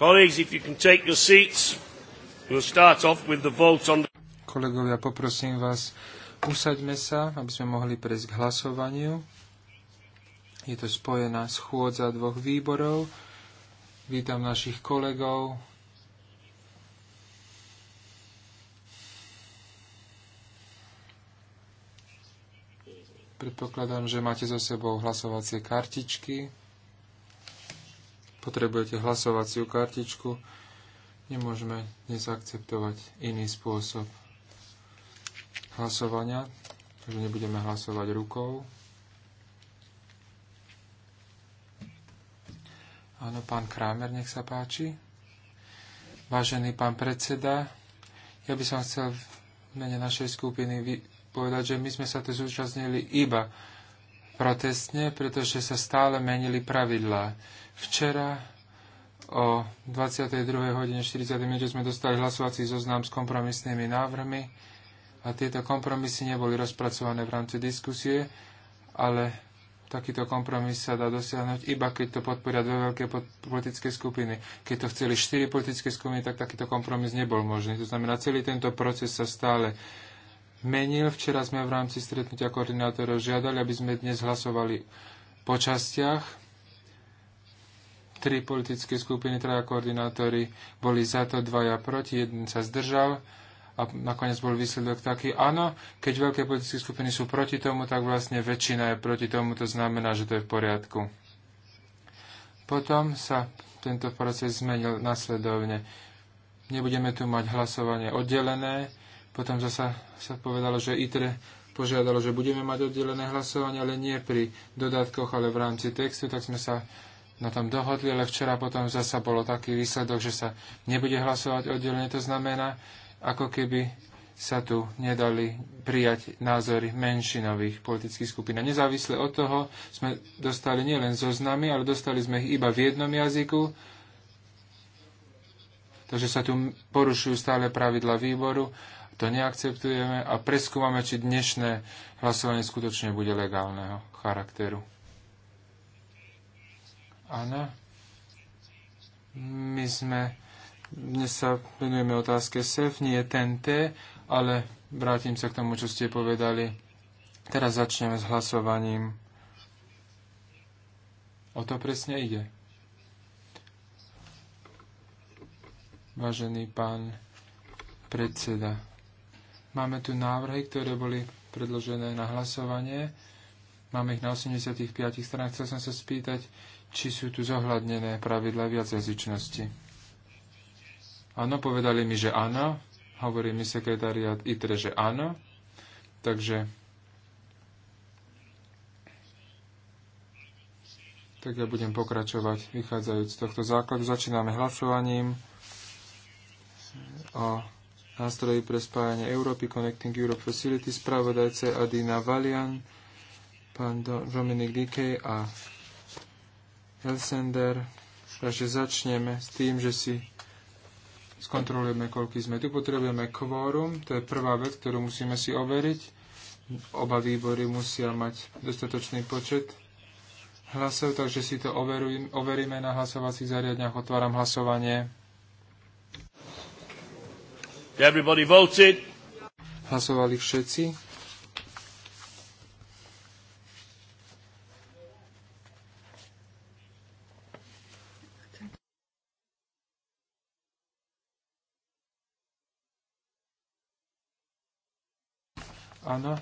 Colleagues, if you can take your seats, we'll start off with the vote on... Kolegovia, poprosím vás, usaďme sa, aby sme mohli prejsť k hlasovaniu. Je to spojená schôdza dvoch výborov. Vítam našich kolegov, Predpokladám, že máte so sebou hlasovacie kartičky potrebujete hlasovaciu kartičku, nemôžeme dnes akceptovať iný spôsob hlasovania, takže nebudeme hlasovať rukou. Áno, pán Krámer, nech sa páči. Vážený pán predseda, ja by som chcel v mene našej skupiny povedať, že my sme sa tu zúčastnili iba protestne, pretože sa stále menili pravidlá. Včera o 22.40 sme dostali hlasovací zoznam s kompromisnými návrhmi a tieto kompromisy neboli rozpracované v rámci diskusie, ale takýto kompromis sa dá dosiahnuť iba keď to podporia dve veľké politické skupiny. Keď to chceli štyri politické skupiny, tak takýto kompromis nebol možný. To znamená, celý tento proces sa stále menil. Včera sme v rámci stretnutia koordinátorov žiadali, aby sme dnes hlasovali po častiach. Tri politické skupiny, traja koordinátori boli za to, dvaja proti, jeden sa zdržal a nakoniec bol výsledok taký, áno, keď veľké politické skupiny sú proti tomu, tak vlastne väčšina je proti tomu, to znamená, že to je v poriadku. Potom sa tento proces zmenil nasledovne. Nebudeme tu mať hlasovanie oddelené, potom zasa sa povedalo, že ITRE požiadalo, že budeme mať oddelené hlasovanie, ale nie pri dodatkoch, ale v rámci textu, tak sme sa na tom dohodli, ale včera potom zasa bolo taký výsledok, že sa nebude hlasovať oddelenie. To znamená, ako keby sa tu nedali prijať názory menšinových politických skupín. A nezávisle od toho sme dostali nielen zoznamy, ale dostali sme ich iba v jednom jazyku. Takže sa tu porušujú stále pravidla výboru to neakceptujeme a preskúmame, či dnešné hlasovanie skutočne bude legálneho charakteru. Áno. My sme, dnes sa venujeme otázke SEF, nie ten T, ale vrátim sa k tomu, čo ste povedali. Teraz začneme s hlasovaním. O to presne ide. Vážený pán predseda. Máme tu návrhy, ktoré boli predložené na hlasovanie. Máme ich na 85 stranách. Chcel som sa spýtať, či sú tu zohľadnené pravidla jazyčnosti. Áno, povedali mi, že áno. Hovorí mi sekretariat ITRE, že áno. Takže Tak ja budem pokračovať, vychádzajúc z tohto základu. Začíname hlasovaním o nástroji pre spájanie Európy, Connecting Europe Facility, spravodajce Adina Valian, pán Dominik Dikej a Helsender. Takže začneme s tým, že si skontrolujeme, koľko sme. Tu potrebujeme kvórum, to je prvá vec, ktorú musíme si overiť. Oba výbory musia mať dostatočný počet hlasov, takže si to overujem, overíme na hlasovacích zariadniach. Otváram hlasovanie. Everybody voted. Hlasovali všetci. Áno,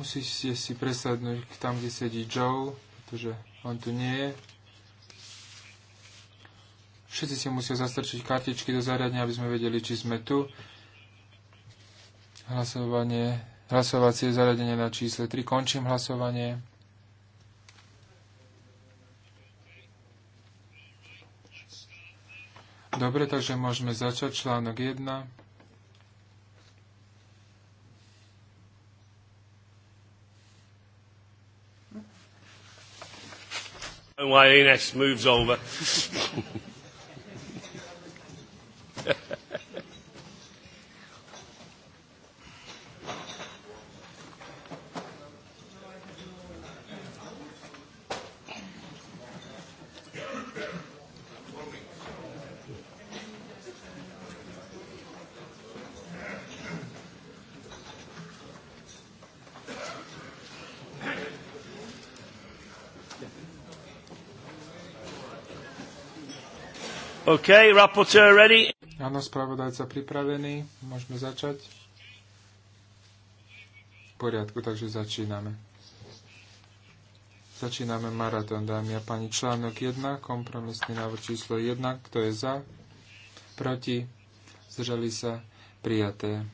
musíte si presadnúť tam, kde sedí Joe, pretože on tu nie je. Všetci si musia zastrčiť kartičky do zariadenia, aby sme vedeli, či sme tu. Hlasovanie, hlasovacie zariadenie na čísle 3. Končím hlasovanie. Dobre, takže môžeme začať článok 1. And Ines moves over. OK, rapporteur ready? Áno, spravodajca pripravený. Môžeme začať. V poriadku, takže začíname. Začíname maratón, dámy a pani. Článok 1, kompromisný návrh číslo 1. Kto je za? Proti? Zdržali sa? Prijaté.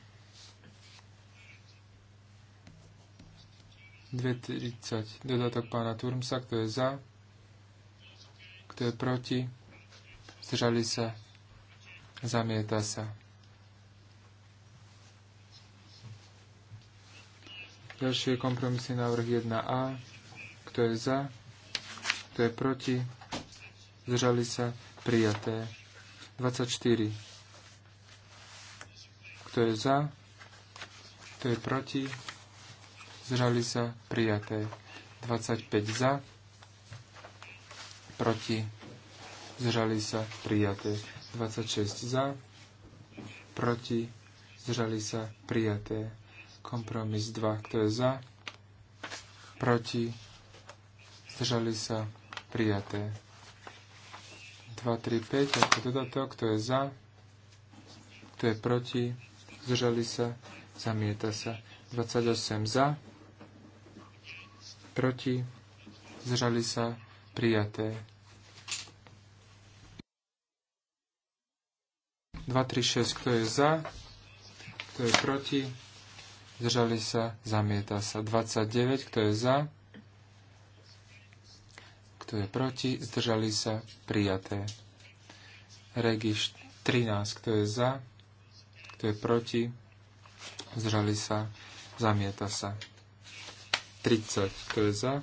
2.30. Dodatok pána Turmsa. Kto je za? Kto je proti? zžali sa, zamieta sa. Ďalší je kompromisný návrh 1a. Kto je za? Kto je proti? Zžali sa? Prijaté. 24. Kto je za? Kto je proti? Zžali sa? Prijaté. 25 za. Proti zdržali sa prijaté. 26 za, proti, zdržali sa prijaté. Kompromis 2, kto je za, proti, zdržali sa prijaté. 2, 3, 5 ako dodatok, kto je za, kto je proti, zdržali sa, zamieta sa. 28 za, proti, zdržali sa prijaté. 236, kto je za, kto je proti, zdržali sa, zamieta sa. 29, kto je za, kto je proti, zdržali sa, prijaté. Regiš 13, kto je za, kto je proti, zdržali sa, zamieta sa. 30, kto je za,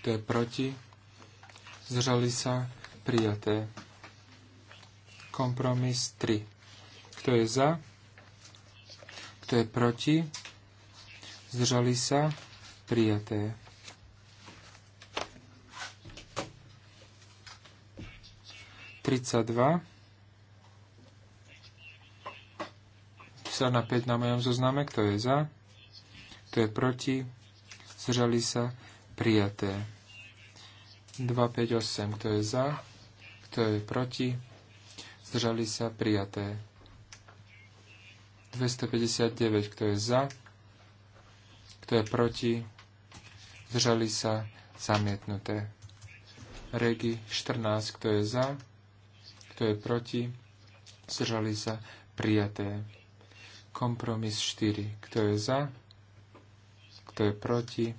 kto je proti, zdržali sa, prijaté. Kompromis 3. Kto je za? Kto je proti? Zdržali sa? Prijaté. Tridsaťdva. Na 5 na mojom zozname. Kto je za? Kto je proti? Zdržali sa? Prijaté. 258. Kto je za? Kto je proti? zdržali sa prijaté. 259, kto je za, kto je proti, zdržali sa zamietnuté. Regi 14, kto je za, kto je proti, zdržali sa prijaté. Kompromis 4, kto je za, kto je proti,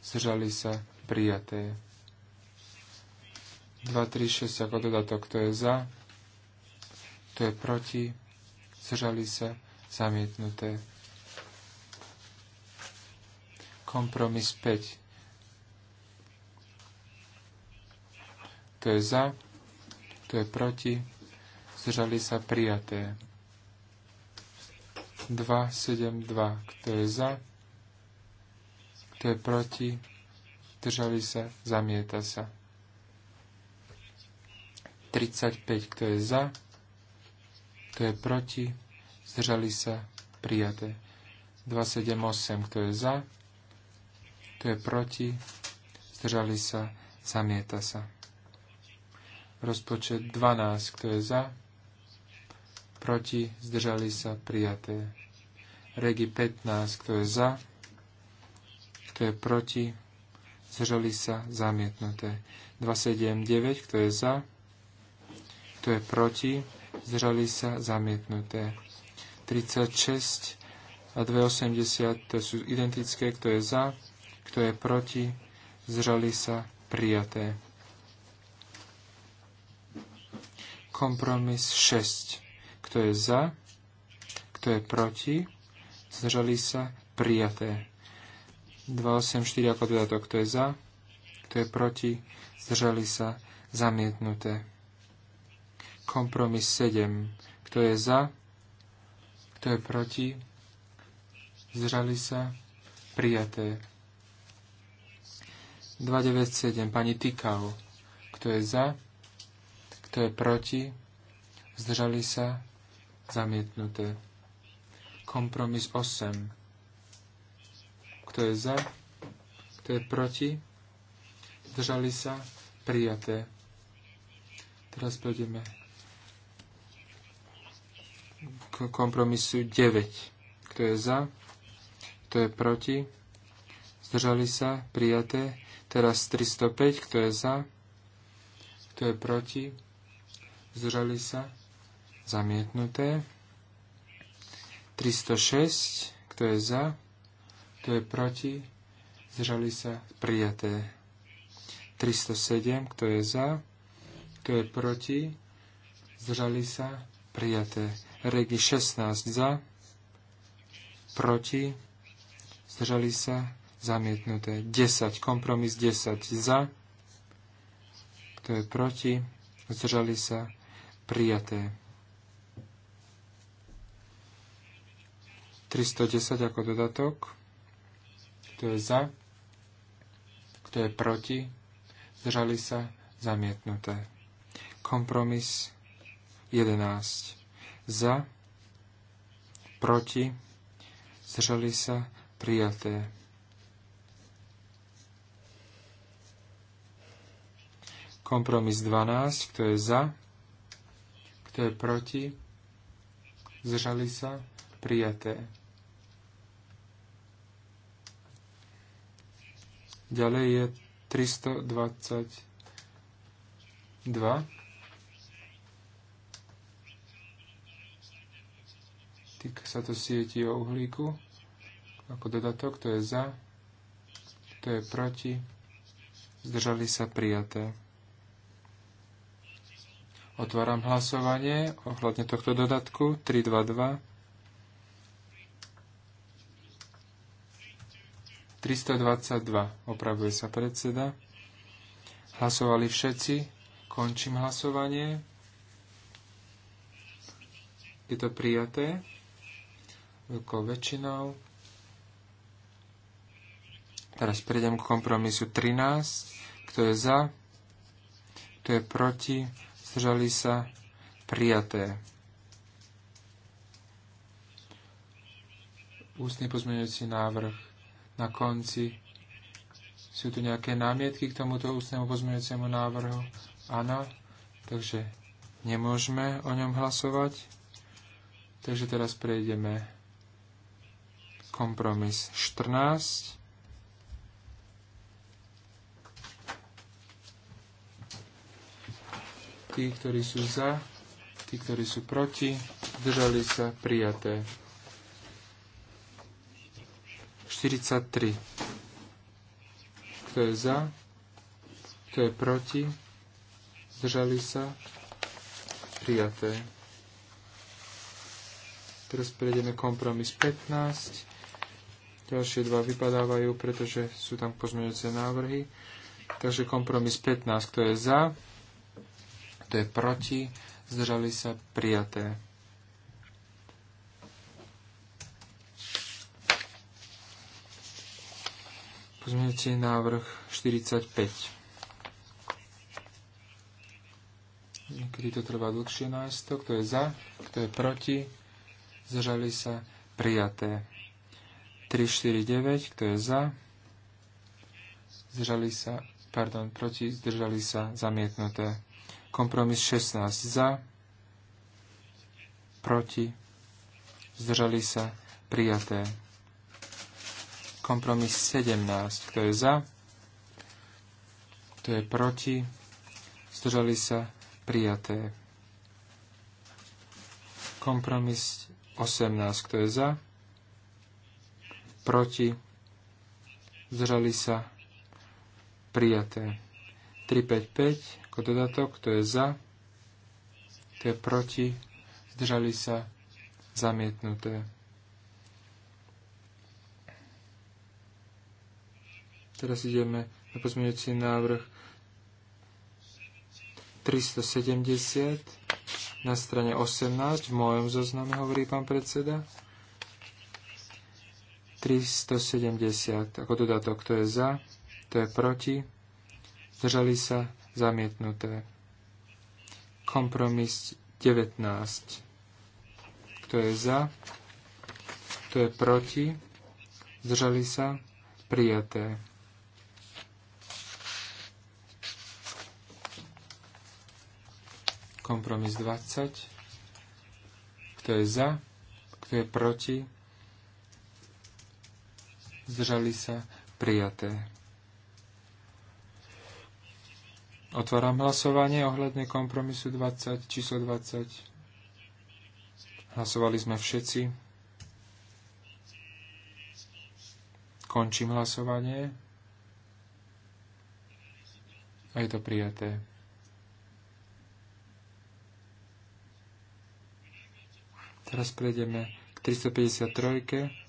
zdržali sa prijaté. 2, 3, 6 ako dodatok, kto je za, kto je proti, zdržali sa, zamietnuté. Kompromis 5. Kto je za, kto je proti, zdržali sa, prijaté. 2, 7, 2. Kto je za, kto je proti, držali sa, zamieta sa. 35, kto je za, kto je proti, zdržali sa, prijaté. 278, kto je za, kto je proti, zdržali sa, zamieta sa. Rozpočet 12, kto je za, proti, zdržali sa, prijaté. Regi 15, kto je za, kto je proti, zdržali sa, zamietnuté. 279, kto je za, kto je proti, zdržali sa, zamietnuté. 36 a 280, to sú identické, kto je za, kto je proti, zdržali sa, prijaté. Kompromis 6. Kto je za, kto je proti, zdržali sa, prijaté. 284 ako dodatok, kto je za, kto je proti, zdržali sa, zamietnuté. Kompromis 7. Kto je za? Kto je proti? Zrali sa? Prijaté. 297. Pani Tikao. Kto je za? Kto je proti? Zdržali sa? Zamietnuté. Kompromis 8. Kto je za? Kto je proti? Zdržali sa? Prijaté. Teraz pôjdeme k kompromisu 9. Kto je za? Kto je proti? Zdržali sa? Prijaté. Teraz 305. Kto je za? Kto je proti? Zdržali sa? Zamietnuté. 306. Kto je za? Kto je proti? Zdržali sa? Prijaté. 307. Kto je za? Kto je proti? Zdržali sa? Prijaté. Regi 16 za, proti, zdržali sa, zamietnuté. 10, kompromis 10 za, kto je proti, zdržali sa, prijaté. 310 ako dodatok, kto je za, kto je proti, zdržali sa, zamietnuté. Kompromis 11 za, proti, zdržali sa, prijaté. Kompromis 12, kto je za, kto je proti, zdržali sa, prijaté. Ďalej je 322. Týka sa to sieti o uhlíku ako dodatok, to je za, to je proti, zdržali sa prijaté. Otváram hlasovanie ohľadne tohto dodatku 322. 322, opravuje sa predseda. Hlasovali všetci. Končím hlasovanie. Je to prijaté veľkou väčšinou. Teraz prejdem k kompromisu 13. Kto je za? Kto je proti? Zdržali sa? Prijaté. Ústny pozmeňujúci návrh na konci. Sú tu nejaké námietky k tomuto ústnemu pozmeňujúcemu návrhu? Áno. Takže nemôžeme o ňom hlasovať. Takže teraz prejdeme kompromis 14. Tí, ktorí sú za, tí, ktorí sú proti, držali sa prijaté. 43. Kto je za? Kto je proti? Zdržali sa? Prijaté. Teraz prejdeme kompromis 15. Ďalšie dva vypadávajú, pretože sú tam pozmeňujúce návrhy. Takže kompromis 15, kto je za, kto je proti, zdržali sa prijaté. Pozmeňujúci návrh 45. Niekedy to trvá dlhšie nájsť to. Kto je za, kto je proti, zdržali sa prijaté. 349, kto je za, zdržali sa, pardon, proti, zdržali sa, zamietnuté. Kompromis 16 za, proti, zdržali sa, prijaté. Kompromis 17, kto je za, kto je proti, zdržali sa, prijaté. Kompromis 18, kto je za, proti, zdržali sa, prijaté. 355 ako dodatok, kto je za, kto je proti, zdržali sa, zamietnuté. Teraz ideme na pozmeňujúci návrh 370 na strane 18 v mojom zozname, hovorí pán predseda. 370 ako dodatok, kto je za, kto je proti, zdržali sa, zamietnuté. Kompromis 19. Kto je za, kto je proti, zdržali sa, prijaté. Kompromis 20. Kto je za, kto je proti, zdržali sa, prijaté. Otváram hlasovanie ohľadne kompromisu 20, číslo 20. Hlasovali sme všetci. Končím hlasovanie. A je to prijaté. Teraz prejdeme k 353.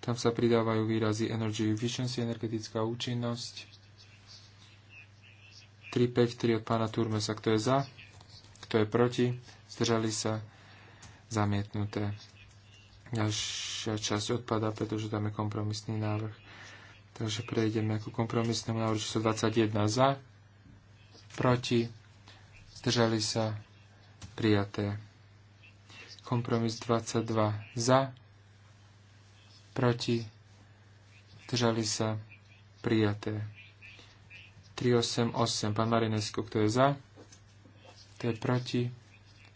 Tam sa pridávajú výrazy energy efficiency, energetická účinnosť. 3 3-5-3 od pána Turmesa, kto je za, kto je proti, zdržali sa zamietnuté. Ďalšia časť odpada, pretože tam je kompromisný návrh. Takže prejdeme ku kompromisnému návrhu číslo 21 za, proti, zdržali sa prijaté. Kompromis 22 za, proti, držali sa, prijaté. 388, pán Marinesko, kto je za, kto je proti,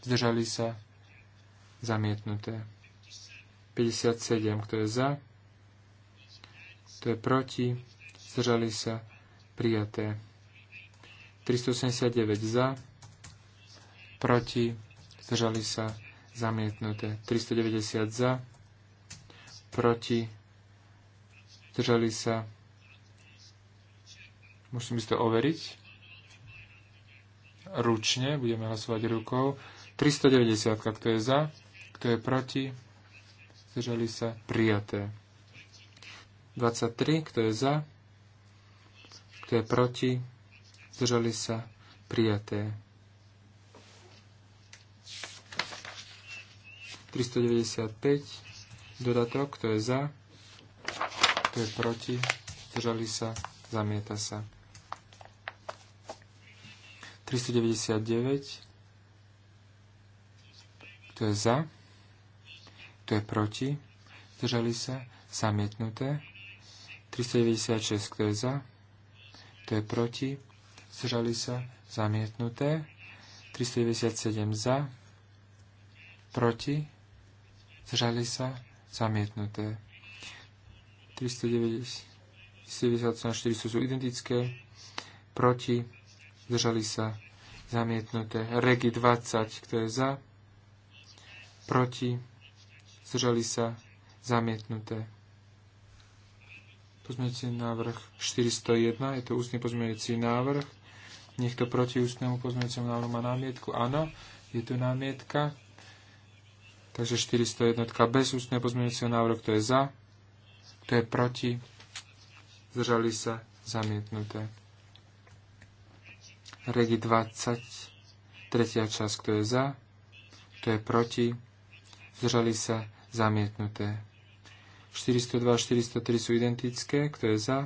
zdržali sa, zamietnuté. 57, kto je za, kto je proti, zdržali sa, prijaté. 379 za, proti, zdržali sa, zamietnuté. 390 za, proti, drželi sa. Musím si to overiť. Ručne, budeme hlasovať rukou. 390, kto je za, kto je proti, zdržali sa, prijaté. 23, kto je za, kto je proti, zdržali sa, prijaté. 395, dodatok, kto je za, kto je proti, zdržali sa, zamieta sa. 399, kto je za, kto je proti, zdržali sa, zamietnuté. 396, kto je za, kto je proti, zdržali sa, zamietnuté. 397 za, proti, zdržali sa, zamietnuté. 390 400 sú identické, proti, držali sa, zamietnuté. Regi 20, kto je za, proti, držali sa, zamietnuté. Pozmeňujúci návrh 401, je to ústny pozmeňujúci návrh. Niekto proti ústnemu pozmeňujúcemu návrhu má námietku? Áno, je tu námietka. Takže 401 bez ústneho pozmeňujúceho návrhu, kto je za, kto je proti, zdržali sa zamietnuté. Regi 20, tretia časť, kto je za, kto je proti, zdržali sa zamietnuté. 402 a 403 sú identické, kto je za,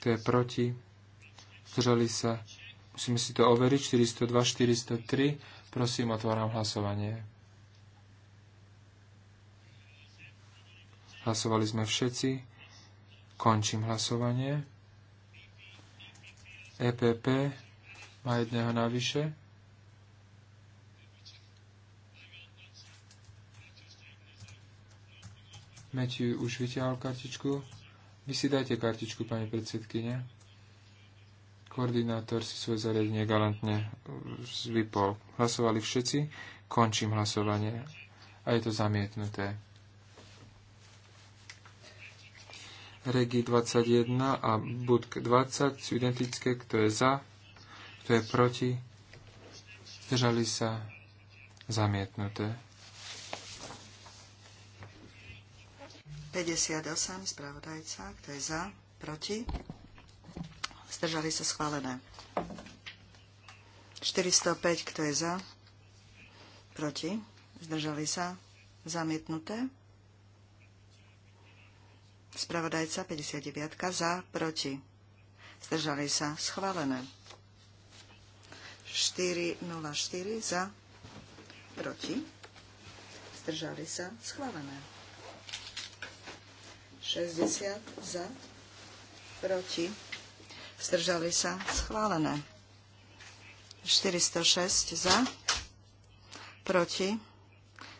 kto je proti, zdržali sa, musíme si to overiť, 402, 403, Prosím, otváram hlasovanie. Hlasovali sme všetci. Končím hlasovanie. EPP má jedného navyše. Matthew už vytiahol kartičku. Vy si dajte kartičku, pani predsedkyne. Koordinátor si svoje zariadenie galantne vypol. Hlasovali všetci. Končím hlasovanie. A je to zamietnuté. Regi 21 a Budk 20 sú identické, kto je za, kto je proti. Zdržali sa zamietnuté. 58, spravodajca, kto je za, proti. Zdržali sa schválené. 405, kto je za? Proti? Zdržali sa? Zamietnuté? Spravodajca 59, za? Proti? Zdržali sa? Schválené. 404, za? Proti? Zdržali sa? Schválené. 60, za? Proti? zdržali sa, schválené. 406 za, proti,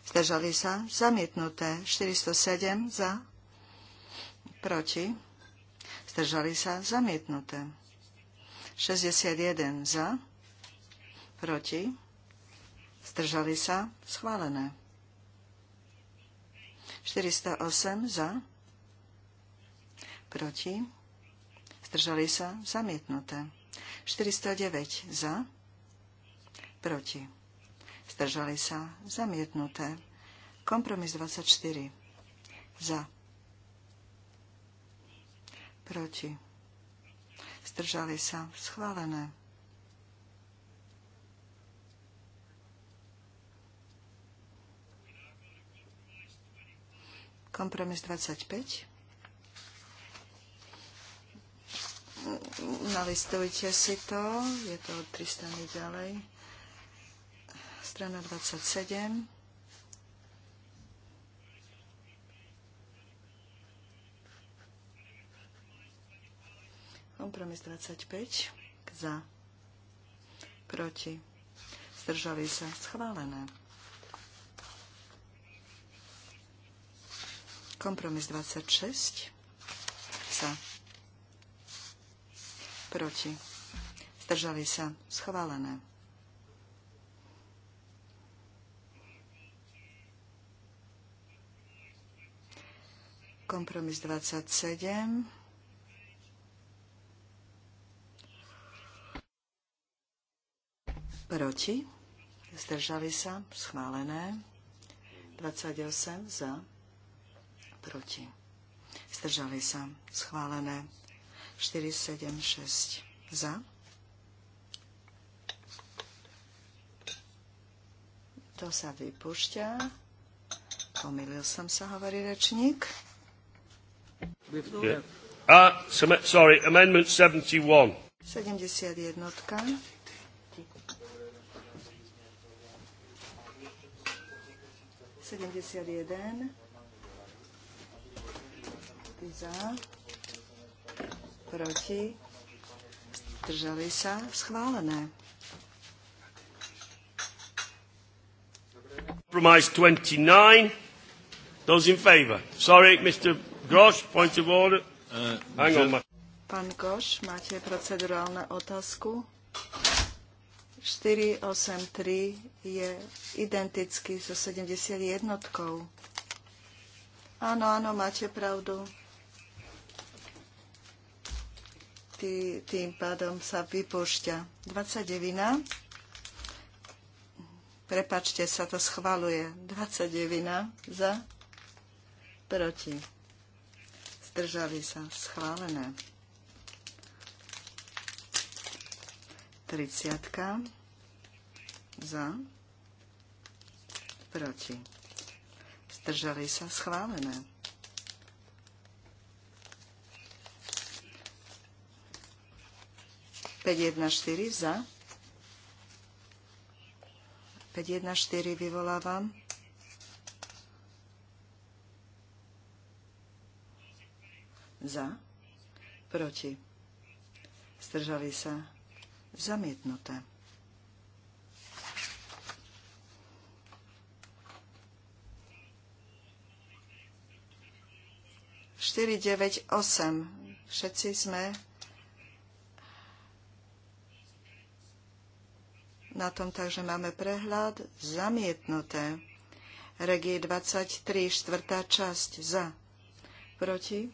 zdržali sa, zamietnuté. 407 za, proti, zdržali sa, zamietnuté. 61 za, proti, zdržali sa, schválené. 408 za, proti, Zdržali sa? Zamietnuté. 409 za. Proti. Zdržali sa? Zamietnuté. Kompromis 24. Za. Proti. Zdržali sa? Schválené. Kompromis 25. nalistujte si to, je to od 3 strany ďalej, strana 27. Kompromis 25. Za. Proti. Zdržali sa. Schválené. Kompromis 26. Za proti, zdržali sa, schválené. Kompromis 27. Proti? Zdržali sa? Schválené. 28 za. Proti. Zdržali sa? Schválené. 476 za. To sa vypúšťa. Pomýlil som sa, hovorí rečník. Yeah. Uh, sorry, amendment 71. 71. Sedemdesiat jeden za proti, Zdrželi sa, schválené. Compromise 29. Those in favour. Sorry, Mr. Grosh, point of order. Uh, Hang on. My... Pán Grosh, máte procedurálne otázku? 483 je identický so 71. Áno, áno, máte pravdu. tý, tým pádom sa vypúšťa. 29. Prepačte, sa to schvaluje. 29. za, proti. Zdržali sa. Schválené. 30. za, proti. Zdržali sa. Schválené. 514 za. 514 vyvolávam. Za. Proti. Zdržali sa. Zamietnuté. Štyri, deväť, osem. Všetci sme na tom, takže máme prehľad zamietnuté. Regie 23, štvrtá časť za, proti,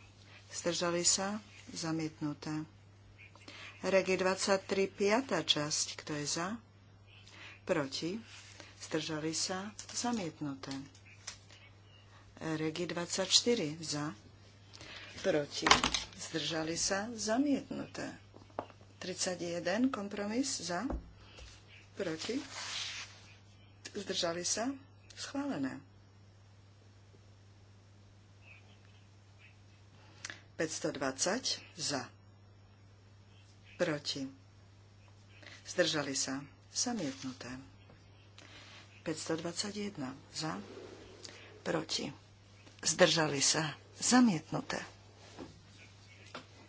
zdržali sa, zamietnuté. Regie 23, piatá časť, kto je za, proti, zdržali sa, zamietnuté. Regie 24 za, proti, zdržali sa, zamietnuté. 31 kompromis za, proti, zdržali sa, schválené. 520 za, proti, zdržali sa, zamietnuté. 521 za, proti, zdržali sa, zamietnuté.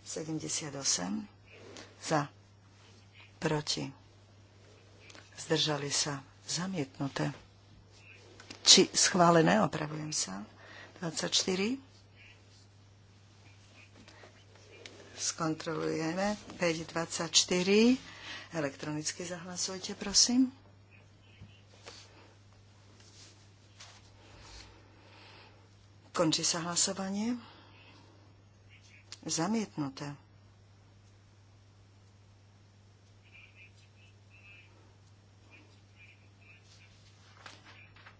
78 za, proti zdržali sa, zamietnuté. Či schválené, opravujem sa. 24. Skontrolujeme. 5.24. Elektronicky zahlasujte, prosím. Končí sa hlasovanie. Zamietnuté.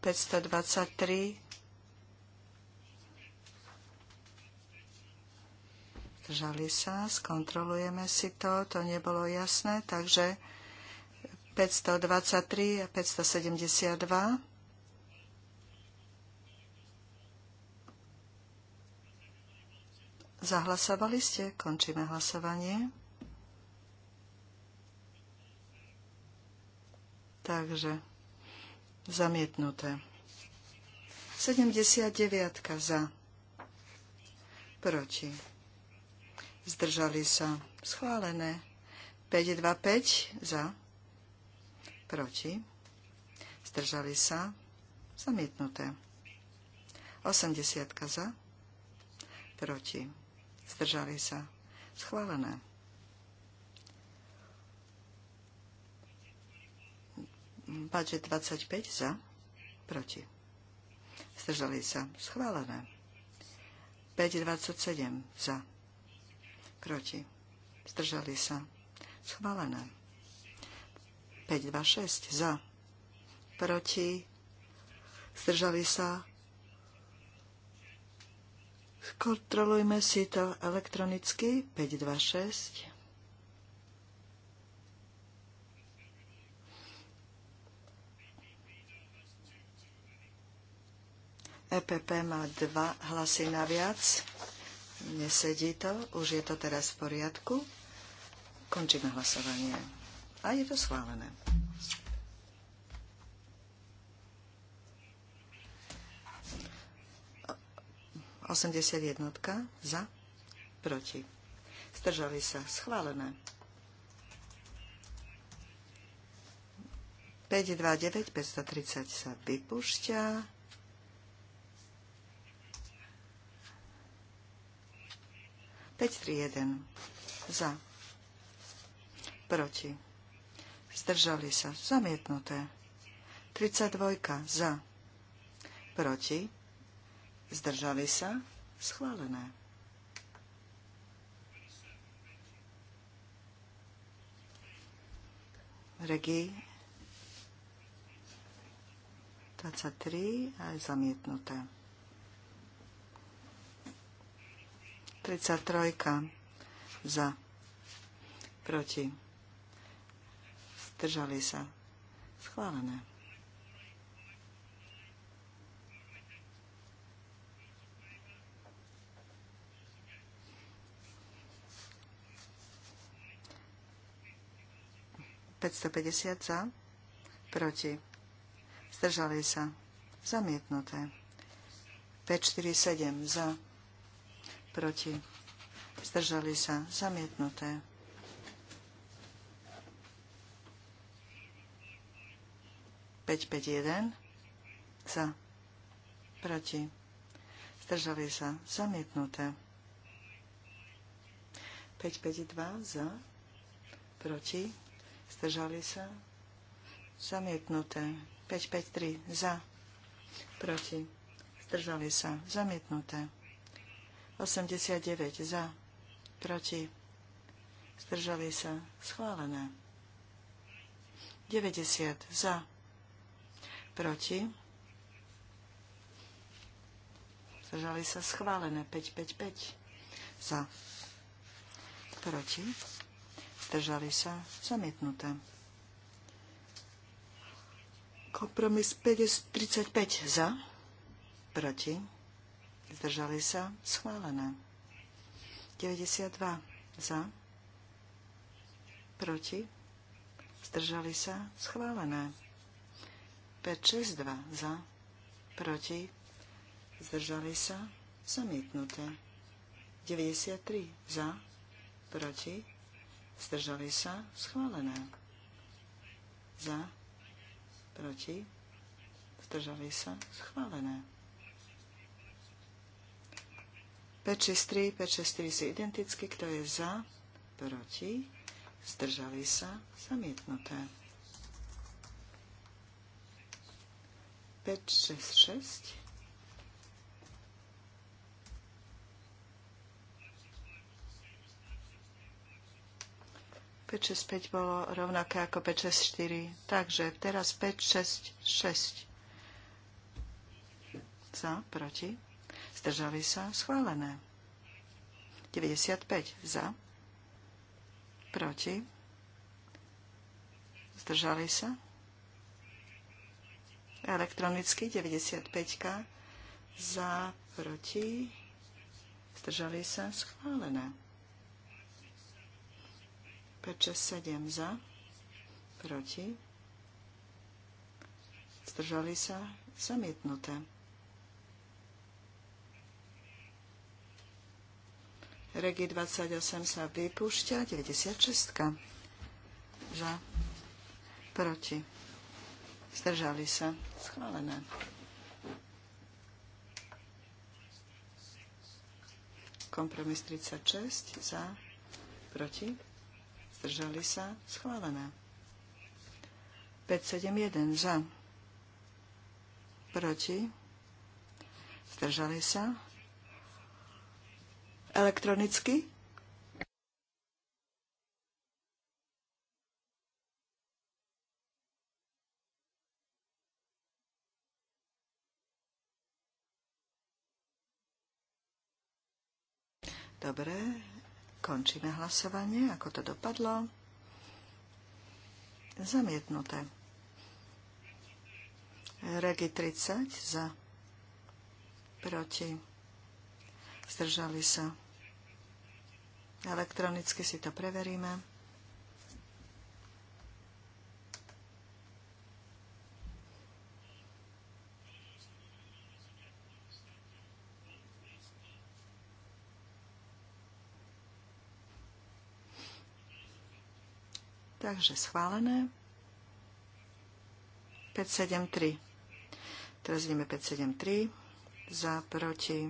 523. Držali sa, skontrolujeme si to, to nebolo jasné, takže 523 a 572. Zahlasovali ste? Končíme hlasovanie. Takže Zamietnuté. 79 za. Proti. Zdržali sa. Schválené. 525 za. Proti. Zdržali sa. Zamietnuté. 80 za. Proti. Zdržali sa. Schválené. Budget 25 za, proti. Zdržali sa. Schválené. 5,27 za, proti. Zdržali sa. Schválené. 5,26 za, proti. Zdržali sa. Kontrolujme si to elektronicky. 5,26. EPP má dva hlasy naviac. Nesedí to, už je to teraz v poriadku. Končíme hlasovanie. A je to schválené. Osemdesiat jednotka za, proti. Zdržali sa. Schválené. 529, 530 sa vypušťa. 531 za. Proti. Zdržali sa. Zamietnuté. 32 za. Proti. Zdržali sa. Schválené. 23 a zamietnuté. 33 za, proti, zdržali sa, schválené. za, proti, zdržali sa, zamietnuté. 547 za, proti, zdržali sa, zamietnuté. Päť, päť, jeden, za, proti, zdržali sa, zamietnuté. dva. za, proti, zdržali sa, zamietnuté. tri. za, proti, zdržali sa, zamietnuté. 89 za, proti, zdržali sa, schválené. 90 za, proti, zdržali sa, schválené. 5, 5, 5 za, proti, zdržali sa, zamietnuté kompromis 535 za, proti, zdržali sa, schválené. 92 za, proti, zdržali sa, schválené. 562 za, proti, zdržali sa, zamietnuté. 93 za, proti, zdržali sa, schválené. Za, proti, zdržali sa, schválené. 563, 563 sú identicky. Kto je za? Proti? Zdržali sa? Zamietnuté. 566. P65 bolo rovnaké ako P64. Takže teraz p P66. Za, proti zdržali sa, schválené. 95 za, proti, zdržali sa. Elektronicky 95 za, proti, zdržali sa, schválené. 5, 6, 7 za, proti, zdržali sa, zamietnuté. Regi 28 sa vypúšťa. 96. Za. Proti. Zdržali sa. Schválené. Kompromis 36. Za. Proti. Zdržali sa. Schválené. 571. Za. Proti. Zdržali sa elektronicky. Dobre, končíme hlasovanie. Ako to dopadlo? Zamietnuté. Regi 30 za. Proti. Zdržali sa Elektronicky si to preveríme. Takže schválené. 573. Teraz ideme 573. Za, proti.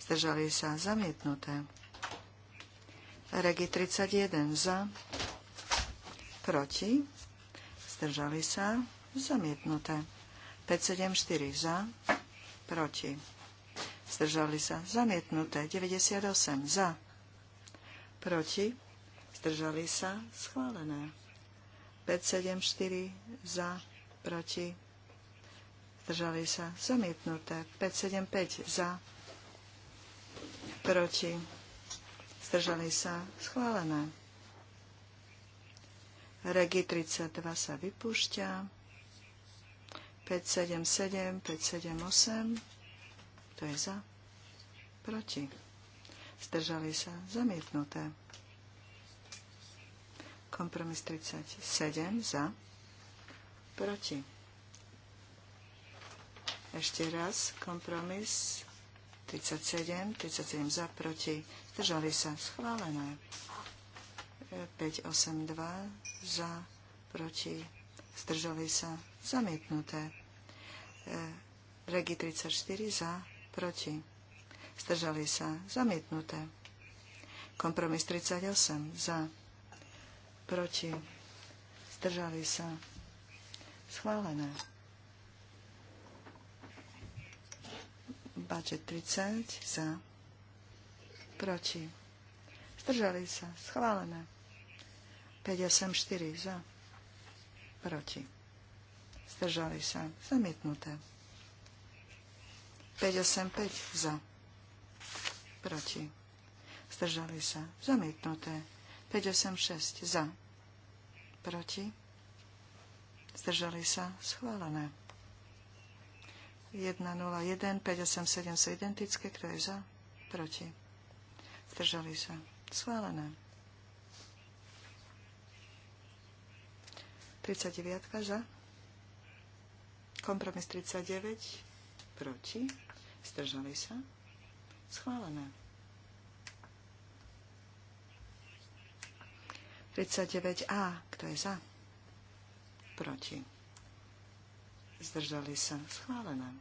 Zdržali sa zamietnuté. Regi 31 za, proti, zdržali sa, zamietnuté. 574 za, proti, zdržali sa, zamietnuté. 98 za, proti, zdržali sa, schválené. 574 za, proti, zdržali sa, zamietnuté. 575 za, proti, zdržali sa, schválené. Regi 32 sa vypúšťa. 577, 578, to je za, proti. Zdržali sa, zamietnuté. Kompromis 37, za, proti. Ešte raz, kompromis 37, 37 za, proti, zdržali sa, schválené. 582 za, proti, zdržali sa, zamietnuté. Regi 34 za, proti, zdržali sa, zamietnuté. Kompromis 38 za, proti, zdržali sa, schválené. budget 30 za, proti, zdržali sa, schválené. 584 za, proti, zdržali sa, zamietnuté. 585 za, proti, zdržali sa, zamietnuté. 586 za, proti, zdržali sa, schválené. 101, 587 sú identické. Kto je za? Proti. Zdržali sa. Schválené. 39 za. Kompromis 39. Proti. Zdržali sa. Schválené. 39a. Kto je za? Proti zdržali sa, schválené.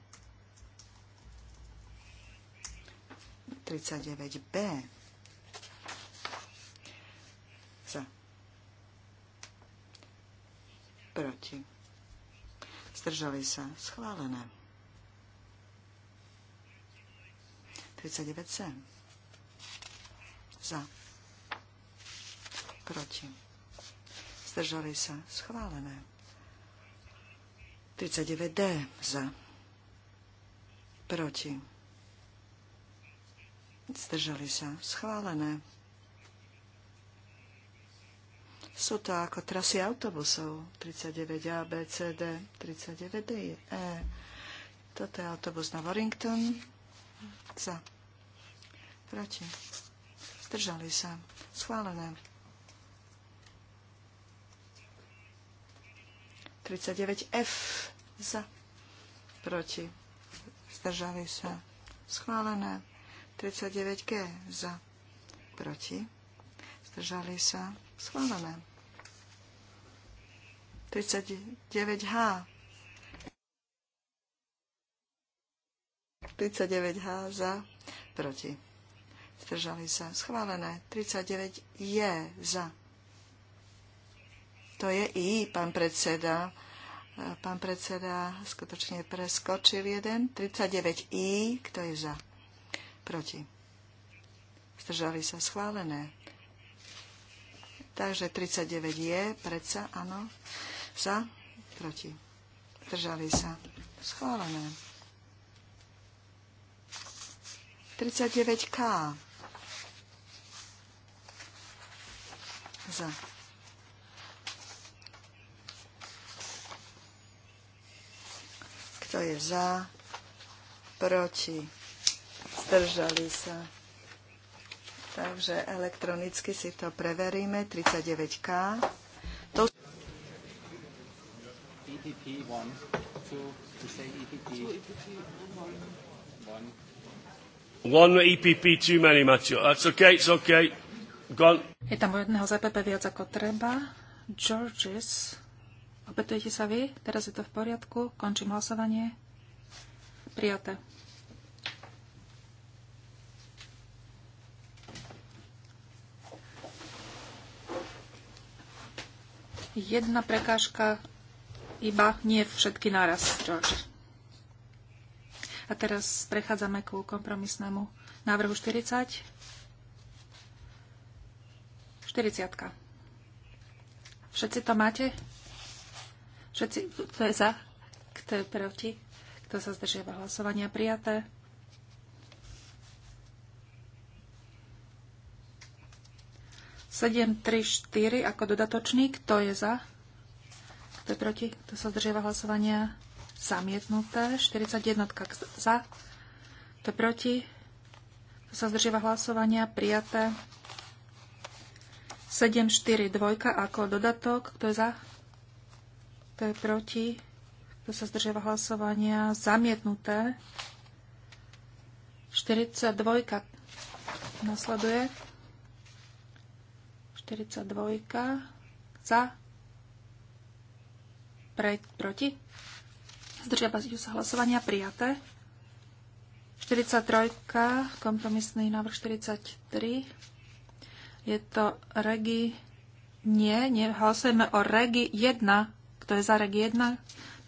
39b za, proti, zdržali sa, schválené. 39c za, proti, zdržali sa, schválené. 39d 39D za. Proti. Zdržali sa. Schválené. Sú to ako trasy autobusov. 39 A, B, C, D. 39 D, E. Toto je autobus na Warrington. Za. Proti. Zdržali sa. Schválené. 39F za, proti, zdržali sa, schválené. 39G za, proti, zdržali sa, schválené. 39H 39H za, proti. Zdržali sa. Schválené. 39 je za. To je I, pán predseda. Pán predseda skutočne preskočil jeden. 39I, kto je za? Proti. Zdržali sa schválené. Takže 39 je, predsa, áno. Za, proti. Zdržali sa. Schválené. 39K. Za. Kto je za? Proti? Zdržali sa. Takže elektronicky si to preveríme. 39K. To... EPP 1, 2, EPP. 1. One EPP e too many, Matthew. That's okay, it's okay. Gone. Je tam jedného ZPP e viac ako treba. Georges. Opetujete sa vy? Teraz je to v poriadku. Končím hlasovanie. Prijaté. Jedna prekážka iba, nie všetky naraz, George. A teraz prechádzame ku kompromisnému návrhu 40. 40. Všetci to máte? Všetci, kto je za, kto je proti, kto sa zdržiava hlasovania, prijaté. Sedem, tri, štyri ako dodatočný. Kto je za? Kto je proti? Kto sa zdržiava hlasovania? Zamietnuté. 41 za. Kto je proti? Kto sa zdržiava hlasovania? Prijaté. 7, 4, 2 ako dodatok. Kto je za? Kto je proti? Kto sa zdržiava hlasovania? Zamietnuté. 42 nasleduje. 42 za. Pre, proti. Zdržiava sa hlasovania. Prijaté. 43, kompromisný návrh 43. Je to regi... Nie, nie, hlasujeme o regi 1. Kto je za reg 1?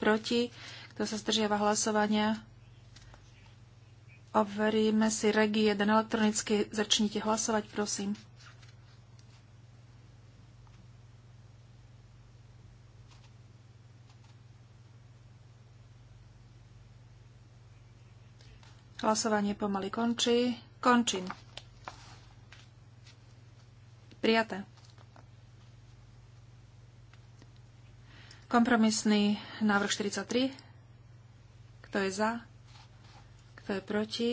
Proti? Kto sa zdržiava hlasovania? Overíme si regi 1 elektronicky. Začnite hlasovať, prosím. Hlasovanie pomaly končí. Končím. Prijaté. Kompromisný návrh 43. Kto je za? Kto je proti?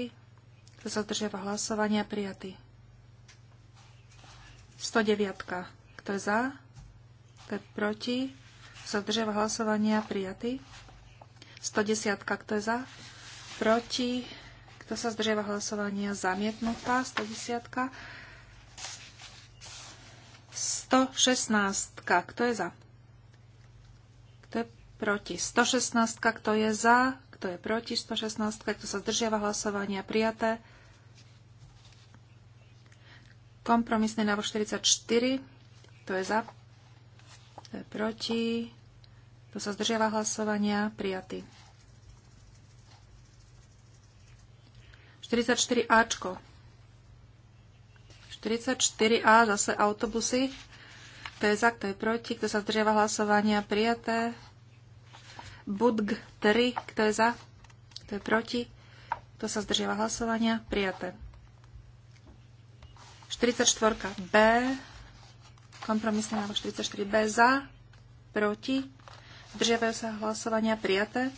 Kto sa zdržiava hlasovania? Prijatý. 109. Kto je za? Kto je proti? Kto sa zdržiava hlasovania? Prijatý. 110. Kto je za? Proti? Kto sa zdržiava hlasovania? Zamietnutá. 110. 116. Kto je za? To je proti? 116. Kto je za? Kto je proti? 116. Kto sa zdržiava hlasovania? Prijaté. Kompromisný návrh 44. to je za? to je proti? Kto sa zdržiava hlasovania? Prijatý. 44 Ačko. 44A, zase autobusy. Kto je za, kto je proti, kto sa zdržiava hlasovania, prijaté. Budg 3, kto je za, kto je proti, kto sa zdržiava hlasovania, prijaté. 44. B, kompromisný návrh 44B, za, proti, zdržiavajú sa hlasovania, prijaté.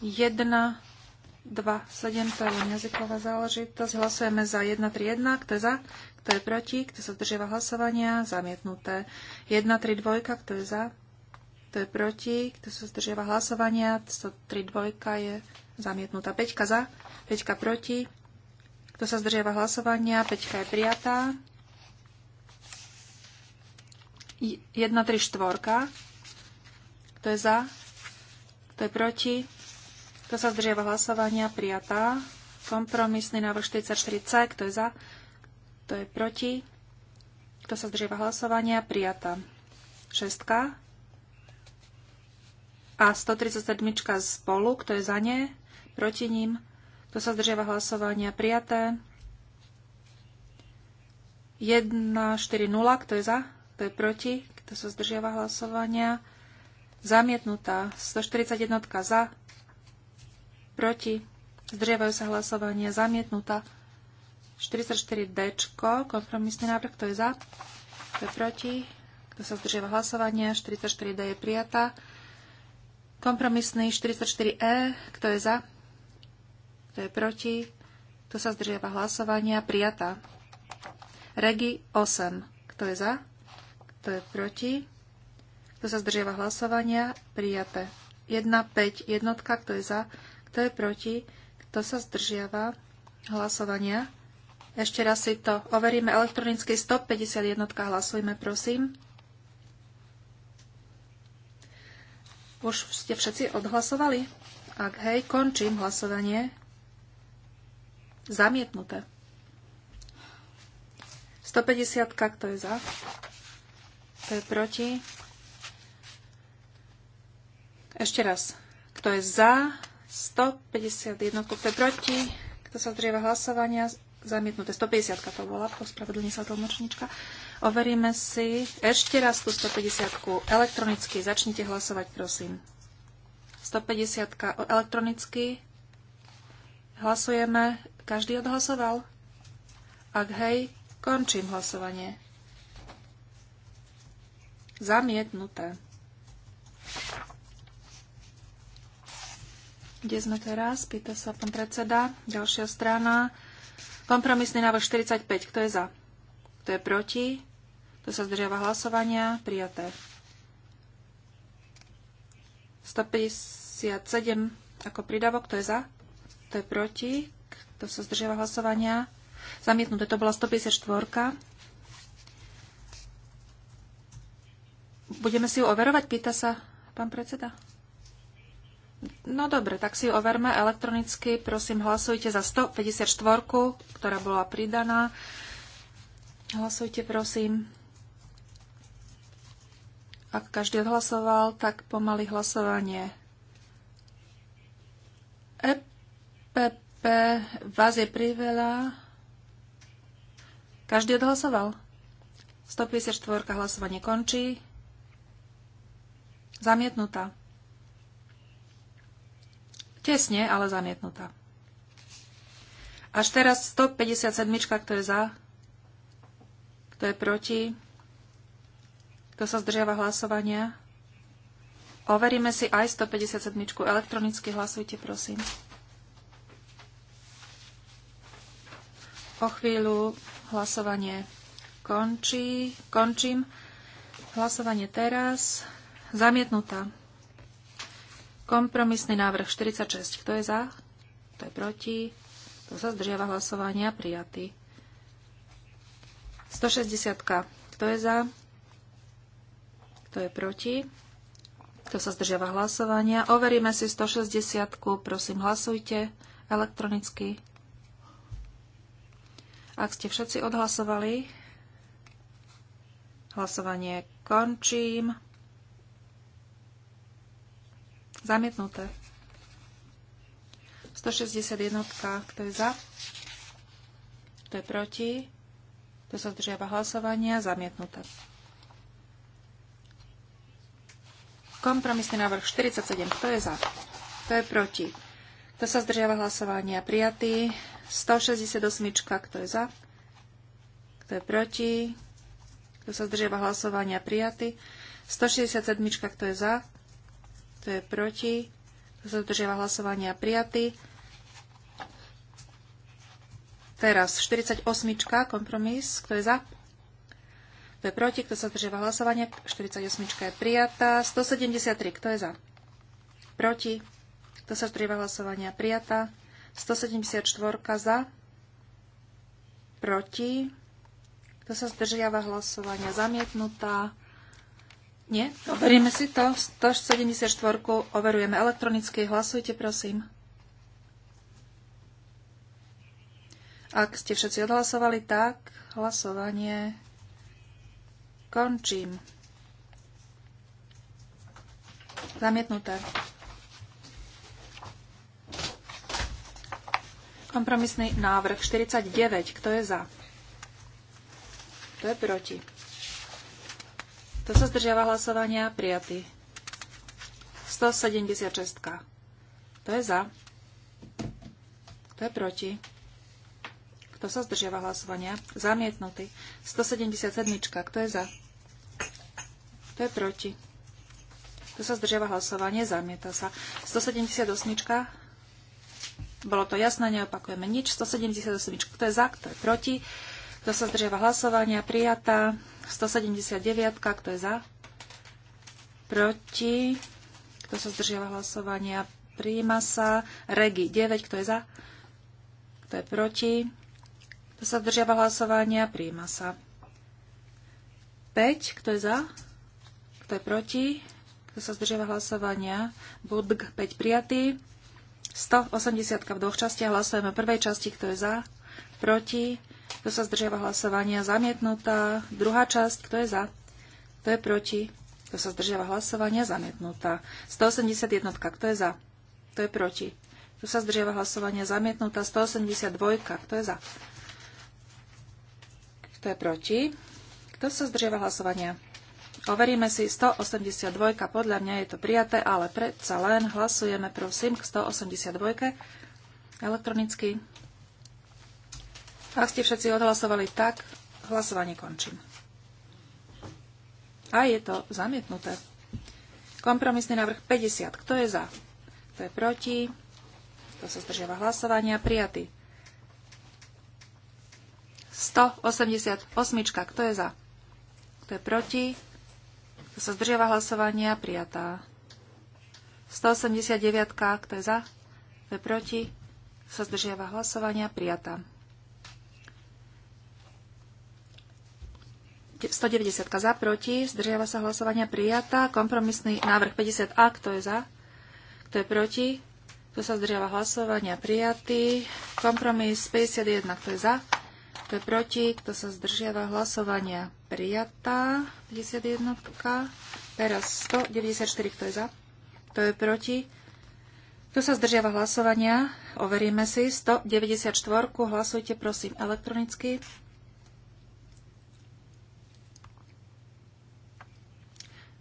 1, 2, 7, to je len jazyková záležitosť. Hlasujeme za 1, 3, 1. Kto je za? kto je proti, kto sa zdržiava hlasovania, zamietnuté. 1, 3, 2, kto je za, kto je proti, kto sa zdržiava hlasovania, 3, 2 je zamietnutá. 5 za, 5 proti, kto sa zdržiava hlasovania, 5 je prijatá. 1, 3, 4, kto je za, kto je proti, kto sa zdržiava hlasovania, prijatá. Kompromisný návrh 44C, kto je za, kto je proti? Kto sa zdržíva hlasovania? Prijatá. Šestka. A 137 spolu. Kto je za ne? Proti ním? Kto sa zdržiava hlasovania? Prijaté. 0, Kto je za? Kto je proti? Kto sa zdržiava hlasovania? Zamietnutá. 141 za. Proti. Zdržiavajú sa hlasovania. Zamietnutá. 44D, kompromisný návrh, kto je za, kto je proti, kto sa zdržiava hlasovania, 44D je prijatá. Kompromisný 44E, kto je za, kto je proti, kto sa zdržiava hlasovania, prijatá. Regi 8, kto je za, kto je proti, kto sa zdržiava hlasovania, prijaté. 1, 5, jednotka, kto je za, kto je proti, kto sa zdržiava hlasovania, ešte raz si to overíme elektronicky. 151 hlasujme, prosím. Už ste všetci odhlasovali? Ak hej, končím hlasovanie. Zamietnuté. 150, kto je za? Kto je proti? Ešte raz. Kto je za? 151, kto je proti? Kto sa zdrieva hlasovania? zamietnuté 150 to bola, ospravedlní sa tlmočníčka. Overíme si ešte raz tú 150 elektronicky. Začnite hlasovať, prosím. 150 elektronicky. Hlasujeme. Každý odhlasoval? Ak hej, končím hlasovanie. Zamietnuté. Kde sme teraz? Pýta sa pán predseda. Ďalšia strana. Kompromisný návrh 45. Kto je za? Kto je proti? Kto sa zdržiava hlasovania? Prijaté. 157 ako pridavok. Kto je za? Kto je proti? Kto sa zdržiava hlasovania? Zamietnuté. To bola 154. Budeme si ju overovať? Pýta sa pán predseda. No dobre, tak si overme elektronicky. Prosím, hlasujte za 154, ktorá bola pridaná. Hlasujte, prosím. Ak každý odhlasoval, tak pomaly hlasovanie. EPP, vás je priveľa. Každý odhlasoval? 154 hlasovanie končí. Zamietnutá. Tesne, ale zamietnutá. Až teraz 157, kto je za, kto je proti, kto sa zdržiava hlasovania. Overíme si aj 157. Elektronicky hlasujte, prosím. O chvíľu hlasovanie končí. Končím. Hlasovanie teraz. Zamietnutá. Kompromisný návrh 46. Kto je za? Kto je proti? Kto sa zdržiava hlasovania? Prijatý. 160. Kto je za? Kto je proti? Kto sa zdržiava hlasovania? Overíme si 160. Prosím, hlasujte elektronicky. Ak ste všetci odhlasovali, hlasovanie končím. Zamietnuté. 161. Kto je za? Kto je proti? Kto sa zdržiava hlasovania? Zamietnuté. Kompromisný návrh 47. Kto je za? Kto je proti? Kto sa zdržiava hlasovania? Prijatý. 168. Kto je za? Kto je proti? Kto sa zdržiava hlasovania? Prijatý. 167. Kto je za? kto je proti, kto sa zdržiava hlasovania prijatý. Teraz 48. kompromis, kto je za, kto je proti, kto sa zdržiava hlasovania, 48. je prijatá, 173, kto je za, proti, kto sa zdržiava hlasovania, prijatá, 174 za, proti, kto sa zdržiava hlasovania, zamietnutá, nie? Overíme si to. 174 overujeme elektronicky. Hlasujte, prosím. Ak ste všetci odhlasovali, tak hlasovanie končím. Zamietnuté. Kompromisný návrh 49. Kto je za? Kto je proti? Kto sa zdržiava hlasovania? Prijatý. 176. Kto je za? Kto je proti? Kto sa zdržiava hlasovania? Zamietnutý. 177. Kto je za? Kto je proti? Kto sa zdržiava hlasovanie? Zamieta sa. 178. Bolo to jasné, neopakujeme nič. 178. Kto je za? Kto je proti? Kto sa zdržiava hlasovania? Prijatá. 179. Kto je za? Proti. Kto sa zdržiava hlasovania? Príjima sa. Regi 9. Kto je za? Kto je proti? Kto sa zdržiava hlasovania? Príjima sa. 5. Kto je za? Kto je proti? Kto sa zdržiava hlasovania? Budg 5 prijatý. 180 v dvoch častiach. Hlasujeme prvej časti. Kto je za? Proti? Kto sa zdržiava hlasovania? Zamietnutá. Druhá časť. Kto je za? Kto je proti? Kto sa zdržiava hlasovania? Zamietnutá. 181. Kto je za? Kto je proti? Kto sa zdržiava hlasovania? Zamietnutá. 182. Kto je za? Kto je proti? Kto sa zdržiava hlasovania? Overíme si 182. Podľa mňa je to prijaté, ale predsa len hlasujeme prosím k 182. Elektronicky. Ak ste všetci odhlasovali tak, hlasovanie končím. A je to zamietnuté. Kompromisný návrh 50. Kto je za? Kto je proti? Kto sa zdržiava hlasovania? Prijatý. 188. Kto je za? Kto je proti? Kto sa zdržiava hlasovania? Prijatá. 189. Kto je za? Kto je proti? Kto sa zdržiava hlasovania? Prijatá. 190 za, proti, zdržiava sa hlasovania prijatá. Kompromisný návrh 50A, kto je za, kto je proti, kto sa zdržiava hlasovania prijatý. Kompromis 51, kto je za, kto je proti, kto sa zdržiava hlasovania prijatá. 51. Teraz 194, kto je za, kto je proti, kto sa zdržiava hlasovania. Overíme si 194, hlasujte prosím elektronicky.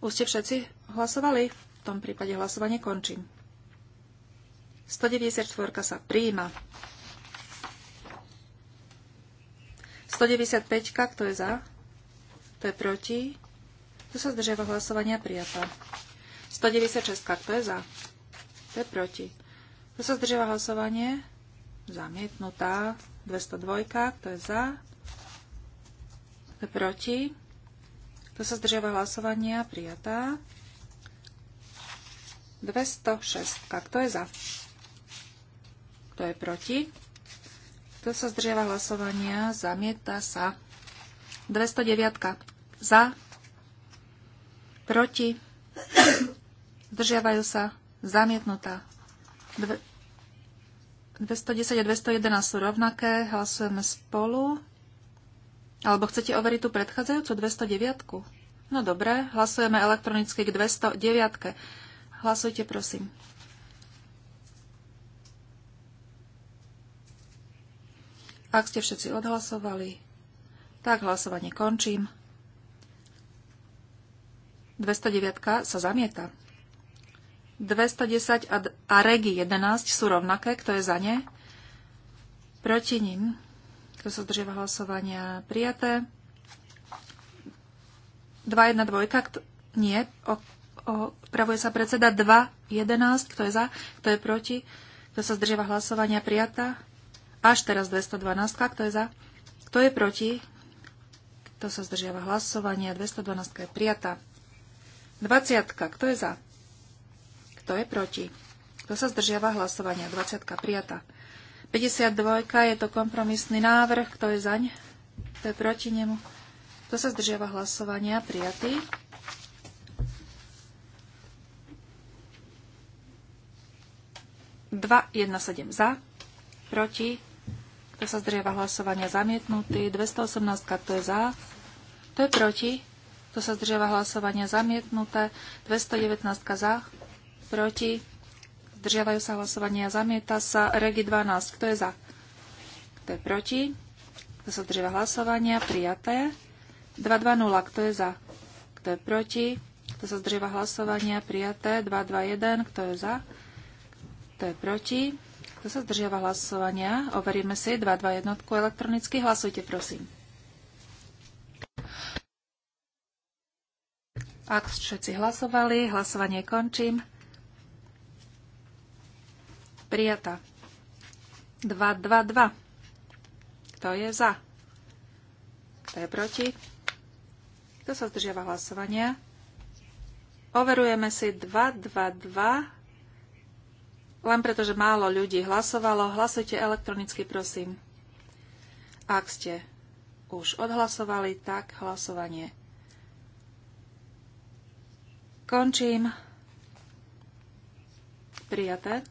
Už ste všetci hlasovali? V tom prípade hlasovanie končím. 194 sa prijíma. 195, kto je za? Kto je proti? Kto sa zdržiava hlasovania prijatá? 196, kto je za? Kto je proti? Kto sa zdržiava hlasovanie? Zamietnutá. 202, kto je za? Kto je proti? Kto sa zdržiava hlasovania? Prijatá. 206. Kto je za? Kto je proti? Kto sa zdržiava hlasovania? Zamieta sa. 209. Za. Proti. Zdržiavajú sa. Zamietnutá. 210 a 211 sú rovnaké. Hlasujeme spolu. Alebo chcete overiť tú predchádzajúcu 209? No dobre, hlasujeme elektronicky k 209. Hlasujte, prosím. Ak ste všetci odhlasovali, tak hlasovanie končím. 209 sa zamieta. 210 a, a regi 11 sú rovnaké, kto je za ne? Proti nim kto sa zdržiava hlasovania? Prijaté. 2, Kto... Nie. O, opravuje sa predseda 211. Kto je za? Kto je proti? Kto sa zdržiava hlasovania? Prijatá. Až teraz 212. Kto je za? Kto je proti? Kto sa zdržiava hlasovania? 212 je prijatá. 20. Kto je za? Kto je proti? Kto sa zdržiava hlasovania? 20. Prijatá. 52 je to kompromisný návrh. Kto je zaň? Kto je proti nemu? Kto sa zdržiava hlasovania? Prijatý. Dva, jedna, sedem za, proti, kto sa zdrieva hlasovania zamietnutý, 218, kto je za, kto je proti, kto sa zdrieva hlasovania zamietnuté, 219 za, proti, zdržiavajú sa hlasovania, zamieta sa. Regi 12, kto je za? Kto je proti? Kto sa zdržiava hlasovania, prijaté. 220, kto je za? Kto je proti? Kto sa zdržiava hlasovania, prijaté. 221, kto je za? Kto je proti? Kto sa zdržiava hlasovania? Overíme si 221 elektronicky. Hlasujte, prosím. Ak všetci hlasovali, hlasovanie končím. Prijatá. 2, 2, 2. Kto je za? Kto je proti? Kto sa zdržiava hlasovania? Overujeme si 2, 2, 2. Len preto, že málo ľudí hlasovalo, hlasujte elektronicky, prosím. Ak ste už odhlasovali, tak hlasovanie. Končím. Prijaté.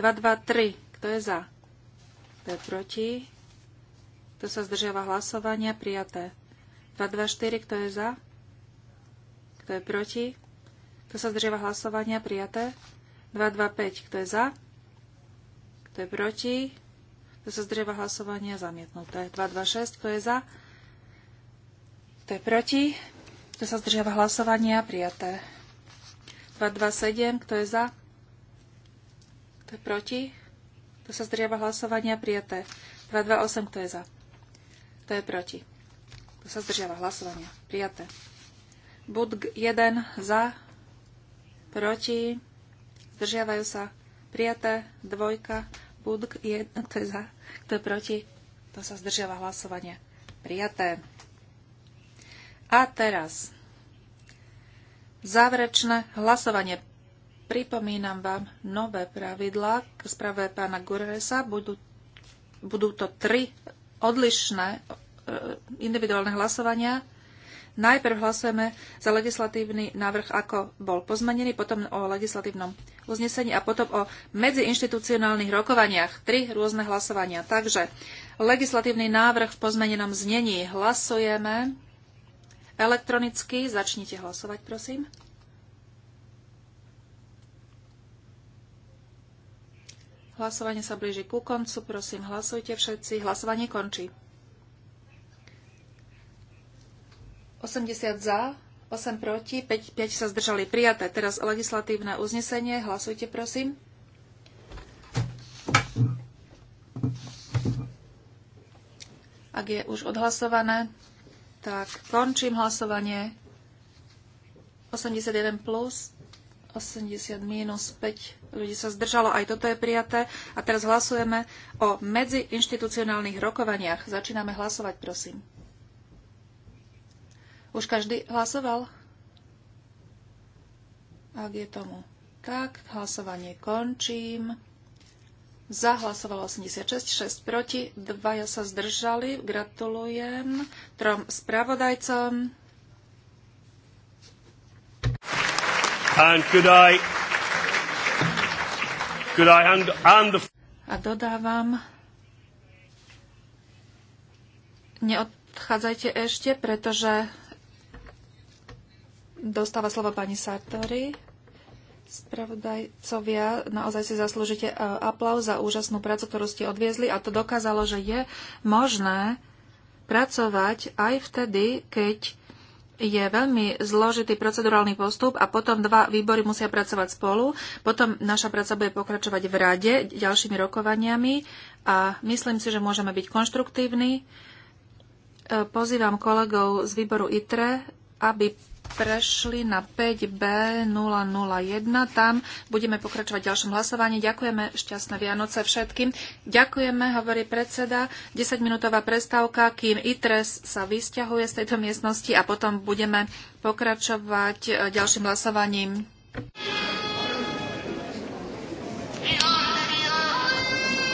223. Kto je za? Kto je proti? Kto sa zdržiava hlasovania? Prijaté. 224. Kto je za? Kto je proti? Kto sa zdržiava hlasovania? Prijaté. 225. Kto je za? Kto je proti? Kto sa zdržiava hlasovania? Zamietnuté. 226. Kto je za? Kto je proti? Kto sa zdržiava hlasovania? Prijaté. 227. Kto je za? Kto je proti? Kto sa zdriava hlasovania? Prijaté. 228. Kto je za? Kto je proti? Kto sa zdržiava hlasovania? Prijaté. Bud 1 za, proti, zdržiavajú sa, prijaté, dvojka, Bud 1, kto je za, kto je proti, to sa zdržiava hlasovania. Prijaté. A teraz záverečné hlasovanie Pripomínam vám nové pravidlá k správe pána Guresa. Budú, budú to tri odlišné e, individuálne hlasovania. Najprv hlasujeme za legislatívny návrh, ako bol pozmenený, potom o legislatívnom uznesení a potom o medziinštitucionálnych rokovaniach. Tri rôzne hlasovania. Takže legislatívny návrh v pozmenenom znení. Hlasujeme elektronicky. Začnite hlasovať, prosím. Hlasovanie sa blíži ku koncu. Prosím, hlasujte všetci. Hlasovanie končí. 80 za, 8 proti, 5, 5 sa zdržali prijaté. Teraz legislatívne uznesenie. Hlasujte, prosím. Ak je už odhlasované, tak končím hlasovanie. 81 plus 80 minus 5 ľudí sa zdržalo, aj toto je prijaté. A teraz hlasujeme o medziinštitucionálnych rokovaniach. Začíname hlasovať, prosím. Už každý hlasoval? Ak je tomu tak, hlasovanie končím. Zahlasovalo 86, 6 proti, dvaja sa zdržali. Gratulujem trom spravodajcom. And could I, could I the... A dodávam, neodchádzajte ešte, pretože dostáva slovo pani Sartori. Spravodajcovia, naozaj si zaslúžite e, aplauz za úžasnú prácu, ktorú ste odviezli a to dokázalo, že je možné pracovať aj vtedy, keď je veľmi zložitý procedurálny postup a potom dva výbory musia pracovať spolu. Potom naša práca bude pokračovať v rade ďalšími rokovaniami a myslím si, že môžeme byť konštruktívni. E, pozývam kolegov z výboru ITRE, aby prešli na 5B001. Tam budeme pokračovať v ďalšom hlasovaní. Ďakujeme, šťastné Vianoce všetkým. Ďakujeme, hovorí predseda. 10-minútová prestávka, kým ITRES sa vysťahuje z tejto miestnosti a potom budeme pokračovať e, ďalším hlasovaním.